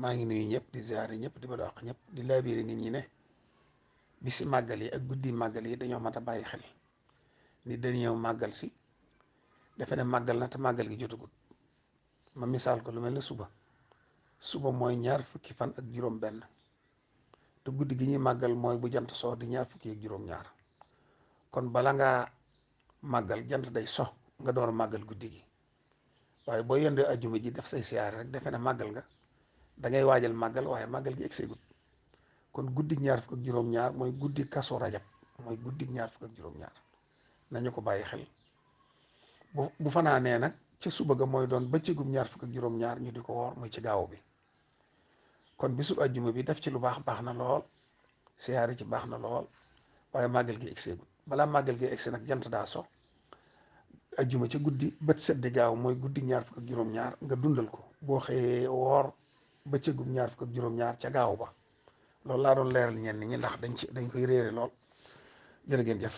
maa ngi nuyu ñëpp di ziare ñëpp di bala wax ñëpp di laabiiri nit ñi ne bisi màggal yi ak guddi màggal yi dañoo mat a bàyyi xel ni dañoo màggal si defe ne màggal na màggal gi jotagut ma misaal ko lu mel ne suba suba mooy ñaar fan ak juróom te guddi gi ñuy màggal mooy bu jant so di ñaar fukki ak kon bala ngaa màggal jant day so nga door màggal guddi gi waaye boo yendoo ajjuma ji def say siyaare rek defe ne màggal nga. da ngay waajal màggal waaye màggal gi egseegut kon guddik ñaar fukk ak juróom-ñaar mooy guddi kaso rajab mooy guddik ñaar fukk ak juróom-ñaar nañu ko bàyyi xel bu bu fanaanee nag ca suba ga mooy doon bëccëgum ñaar fukk ak juróom-ñaar ñu di ko woor muy ci gaaw bi kon bisub ajjuma bi def ci lu baax baax na lool siyaari ci baax na lool waaye màggal gi egseegut balaa màggal gi egsi nag jant daa so ajjuma ca guddi bët sedd gaaw mooy guddi ñaar fukk ak juróom-ñaar nga dundal ko boo xëyee woor bëccëgum ñaar fukk ak juróom-ñaar ca gaaw ba loolu laa doon leeral ni ñi ndax dañ ci dañ koy réere lool jërë ngeen jëf